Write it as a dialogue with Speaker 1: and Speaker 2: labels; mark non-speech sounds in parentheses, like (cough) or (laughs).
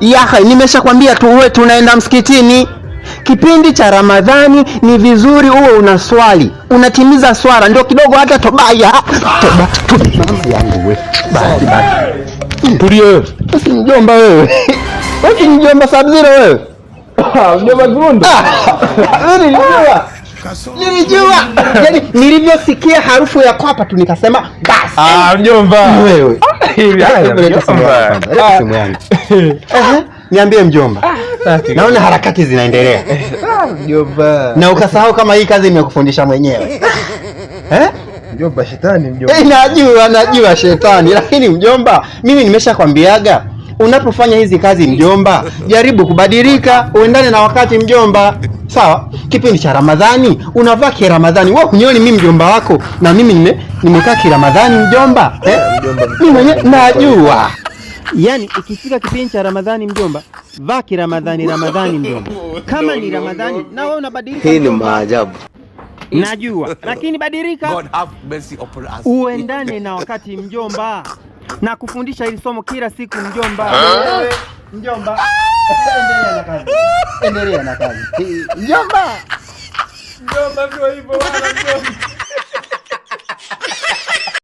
Speaker 1: yaha, nimeshakwambia tuwe tunaenda msikitini kipindi cha Ramadhani ni vizuri uwe unaswali unatimiza swala, ndio kidogo hata tobaya
Speaker 2: toba, toba yangu we basi basi, tulio wewe,
Speaker 1: usimjomba wewe, usimjomba wewe,
Speaker 2: ah, mjomba
Speaker 1: ah, nilijua (laughs) yani nilivyosikia harufu ya kwapa tu nikasema basi,
Speaker 2: ah mjomba
Speaker 1: wewe Niambie mjomba, ah, naona harakati zinaendelea
Speaker 2: ah, mjomba,
Speaker 1: na ukasahau kama hii kazi nimekufundisha mwenyewe eh? Eh?
Speaker 2: Mjomba shetani, mjomba
Speaker 1: eh, najua, najua shetani, lakini mjomba, mimi nimeshakwambiaga Unapofanya hizi kazi mjomba, jaribu kubadilika uendane na wakati mjomba. Sawa, kipindi cha Ramadhani unavaa ki Ramadhani. Wewe hunyoni, mimi mjomba wako, na mimi nime nimekaa ki Ramadhani mjomba, eh? Mimi mwenyewe najua. Yaani ukifika kipindi cha Ramadhani mjomba, vaa ki Ramadhani Ramadhani mjomba. Kama ni Ramadhani na wewe unabadilika.
Speaker 2: Hii ni maajabu.
Speaker 1: Najua, lakini badilika. Uendane na wakati mjomba na kufundisha hili somo kila siku mjomba. Mjomba, endelea na kazi, mjomba,
Speaker 2: mjomba, ndio hivyo wala mjomba.